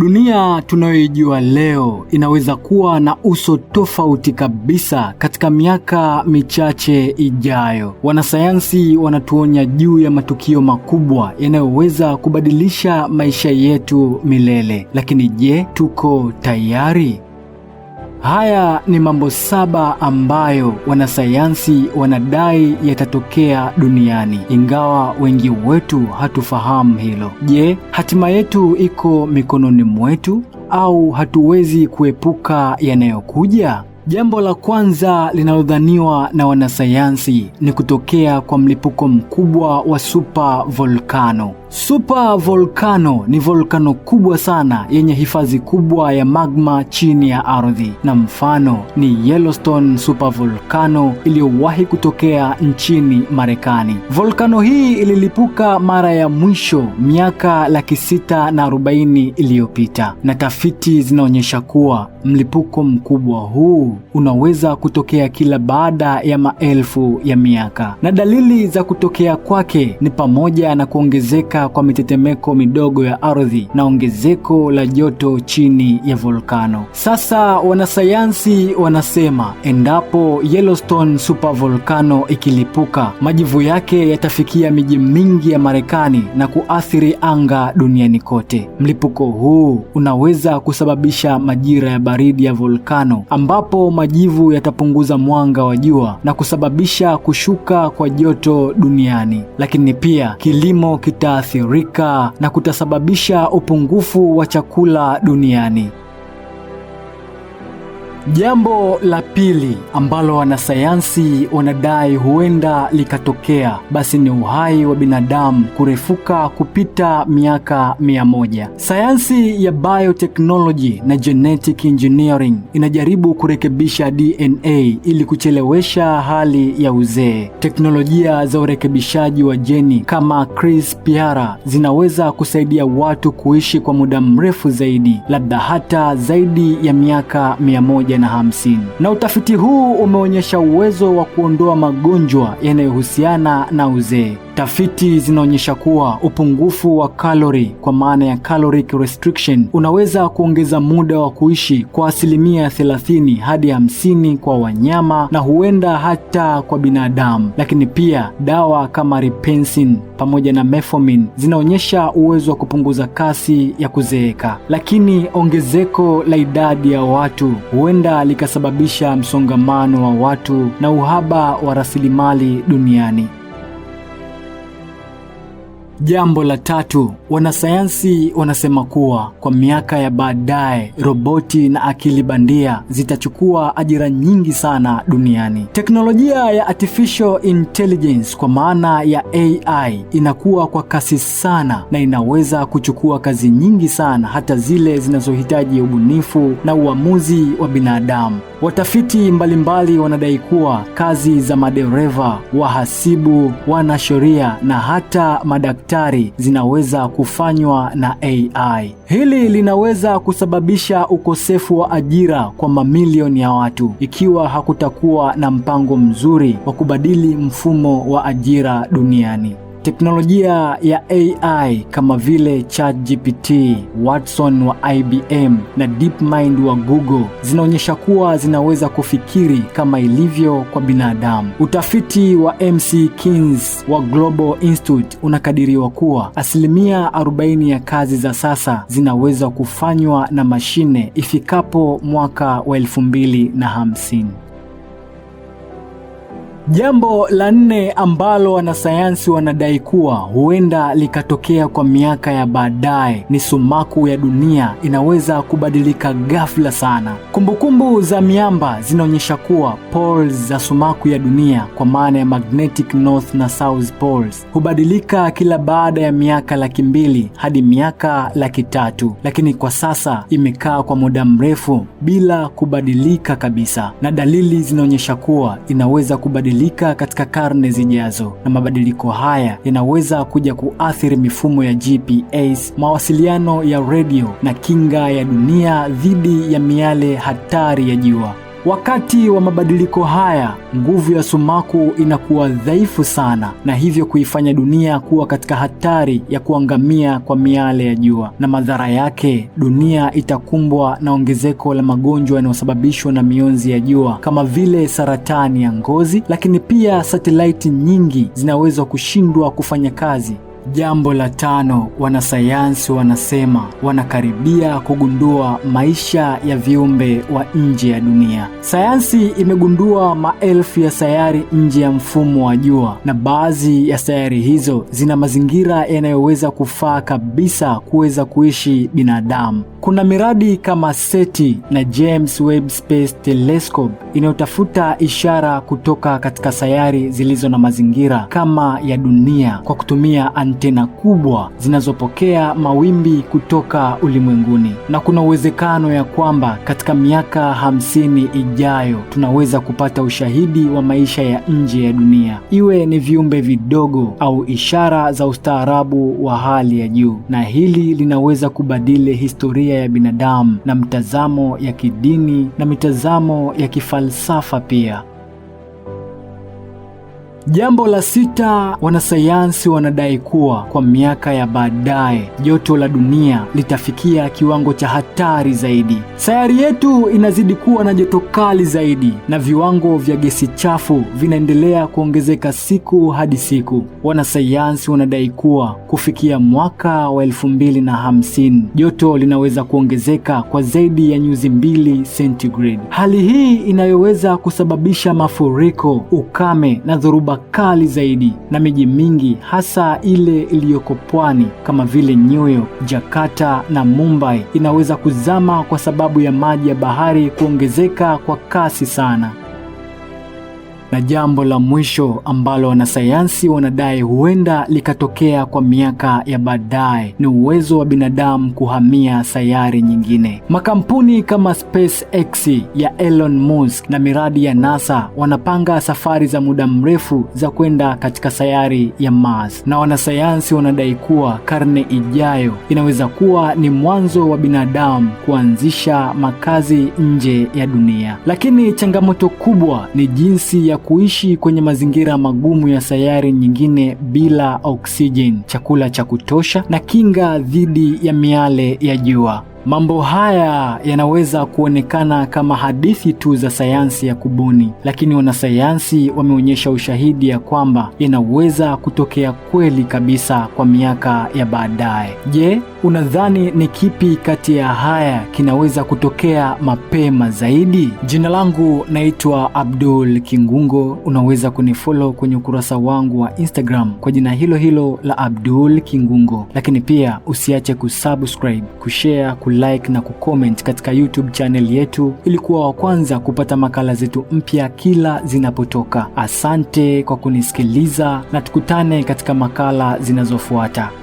Dunia tunayoijua leo inaweza kuwa na uso tofauti kabisa katika miaka michache ijayo. Wanasayansi wanatuonya juu ya matukio makubwa yanayoweza kubadilisha maisha yetu milele. Lakini je, tuko tayari? Haya ni mambo saba ambayo wanasayansi wanadai yatatokea duniani, ingawa wengi wetu hatufahamu hilo. Je, hatima yetu iko mikononi mwetu au hatuwezi kuepuka yanayokuja? Jambo la kwanza linalodhaniwa na wanasayansi ni kutokea kwa mlipuko mkubwa wa super volcano. Super volcano ni volkano kubwa sana yenye hifadhi kubwa ya magma chini ya ardhi, na mfano ni Yellowstone super volcano iliyowahi kutokea nchini Marekani. Volkano hii ililipuka mara ya mwisho miaka laki sita na arobaini iliyopita, na tafiti zinaonyesha kuwa mlipuko mkubwa huu unaweza kutokea kila baada ya maelfu ya miaka, na dalili za kutokea kwake ni pamoja na kuongezeka kuongezeka kwa mitetemeko midogo ya ardhi na ongezeko la joto chini ya volkano. Sasa wanasayansi wanasema endapo Yellowstone supervolcano ikilipuka, majivu yake yatafikia miji mingi ya Marekani na kuathiri anga duniani kote. Mlipuko huu unaweza kusababisha majira ya baridi ya volkano ambapo majivu yatapunguza mwanga wa jua na kusababisha kushuka kwa joto duniani, lakini pia kilimo kita kuathirika na kutasababisha upungufu wa chakula duniani. Jambo la pili ambalo wanasayansi wanadai huenda likatokea basi ni uhai wa binadamu kurefuka kupita miaka mia moja. Sayansi ya biotechnology na genetic engineering inajaribu kurekebisha DNA ili kuchelewesha hali ya uzee. Teknolojia za urekebishaji wa jeni kama CRISPR zinaweza kusaidia watu kuishi kwa muda mrefu zaidi, labda hata zaidi ya miaka mia moja. 150. Na utafiti huu umeonyesha uwezo wa kuondoa magonjwa yanayohusiana na uzee. Tafiti zinaonyesha kuwa upungufu wa kalori kwa maana ya caloric restriction unaweza kuongeza muda wa kuishi kwa asilimia 30 hadi 50 kwa wanyama na huenda hata kwa binadamu. Lakini pia dawa kama ripensin pamoja na metformin zinaonyesha uwezo wa kupunguza kasi ya kuzeeka, lakini ongezeko la idadi ya watu huenda likasababisha msongamano wa watu na uhaba wa rasilimali duniani. Jambo la tatu, wanasayansi wanasema kuwa kwa miaka ya baadaye roboti na akili bandia zitachukua ajira nyingi sana duniani. Teknolojia ya artificial intelligence kwa maana ya AI inakuwa kwa kasi sana na inaweza kuchukua kazi nyingi sana hata zile zinazohitaji ubunifu na uamuzi wa binadamu. Watafiti mbalimbali mbali wanadai kuwa kazi za madereva, wahasibu, wanasheria na hata madaktari daktari zinaweza kufanywa na AI. Hili linaweza kusababisha ukosefu wa ajira kwa mamilioni ya watu ikiwa hakutakuwa na mpango mzuri wa kubadili mfumo wa ajira duniani. Teknolojia ya AI kama vile ChatGPT, Watson wa IBM na DeepMind wa Google zinaonyesha kuwa zinaweza kufikiri kama ilivyo kwa binadamu. Utafiti wa McKinsey wa Global Institute unakadiriwa kuwa asilimia 40 ya kazi za sasa zinaweza kufanywa na mashine ifikapo mwaka wa 2050. Jambo la nne ambalo wanasayansi wanadai kuwa huenda likatokea kwa miaka ya baadaye ni sumaku ya dunia inaweza kubadilika ghafla sana. Kumbukumbu za miamba zinaonyesha kuwa poles za sumaku ya dunia, kwa maana ya magnetic north na south poles, hubadilika kila baada ya miaka laki mbili hadi miaka laki tatu, lakini kwa sasa imekaa kwa muda mrefu bila kubadilika kabisa, na dalili zinaonyesha kuwa inaweza kubadilika kubadilika katika karne zijazo, na mabadiliko haya yanaweza kuja kuathiri mifumo ya GPS, mawasiliano ya redio na kinga ya dunia dhidi ya miale hatari ya jua. Wakati wa mabadiliko haya, nguvu ya sumaku inakuwa dhaifu sana na hivyo kuifanya dunia kuwa katika hatari ya kuangamia kwa miale ya jua. Na madhara yake, dunia itakumbwa na ongezeko la magonjwa yanayosababishwa na mionzi ya jua kama vile saratani ya ngozi, lakini pia satelaiti nyingi zinaweza kushindwa kufanya kazi Jambo la tano, wanasayansi wanasema wanakaribia kugundua maisha ya viumbe wa nje ya dunia. Sayansi imegundua maelfu ya sayari nje ya mfumo wa jua, na baadhi ya sayari hizo zina mazingira yanayoweza kufaa kabisa kuweza kuishi binadamu. Kuna miradi kama SETI na James Webb Space Telescope inayotafuta ishara kutoka katika sayari zilizo na mazingira kama ya dunia kwa kutumia antena kubwa zinazopokea mawimbi kutoka ulimwenguni, na kuna uwezekano ya kwamba katika miaka hamsini ijayo tunaweza kupata ushahidi wa maisha ya nje ya dunia, iwe ni viumbe vidogo au ishara za ustaarabu wa hali ya juu, na hili linaweza kubadili historia ya binadamu na mtazamo ya kidini na mitazamo ya kifalsafa pia. Jambo la sita, wanasayansi wanadai kuwa kwa miaka ya baadaye joto la dunia litafikia kiwango cha hatari zaidi. Sayari yetu inazidi kuwa na joto kali zaidi na viwango vya gesi chafu vinaendelea kuongezeka siku hadi siku. Wanasayansi wanadai kuwa kufikia mwaka wa elfu mbili na hamsini joto linaweza kuongezeka kwa zaidi ya nyuzi mbili centigrade, hali hii inayoweza kusababisha mafuriko, ukame na dhoruba dhoruba kali zaidi, na miji mingi hasa ile iliyoko pwani kama vile New York, Jakarta na Mumbai inaweza kuzama kwa sababu ya maji ya bahari kuongezeka kwa kasi sana. Na jambo la mwisho ambalo wanasayansi wanadai huenda likatokea kwa miaka ya baadaye ni uwezo wa binadamu kuhamia sayari nyingine. Makampuni kama SpaceX ya Elon Musk na miradi ya NASA wanapanga safari za muda mrefu za kwenda katika sayari ya Mars, na wanasayansi wanadai kuwa karne ijayo inaweza kuwa ni mwanzo wa binadamu kuanzisha makazi nje ya dunia. Lakini changamoto kubwa ni jinsi ya kuishi kwenye mazingira magumu ya sayari nyingine bila oksijeni, chakula cha kutosha na kinga dhidi ya miale ya jua. Mambo haya yanaweza kuonekana kama hadithi tu za sayansi ya kubuni, lakini wanasayansi wameonyesha ushahidi ya kwamba yanaweza kutokea kweli kabisa kwa miaka ya baadaye. Je, Unadhani ni kipi kati ya haya kinaweza kutokea mapema zaidi? Jina langu naitwa Abdul Kingungo. Unaweza kunifollow kwenye ukurasa wangu wa Instagram kwa jina hilo hilo la Abdul Kingungo, lakini pia usiache kusubscribe, kushare, kulike na kucomment katika YouTube channel yetu ili kuwa wa kwanza kupata makala zetu mpya kila zinapotoka. Asante kwa kunisikiliza na tukutane katika makala zinazofuata.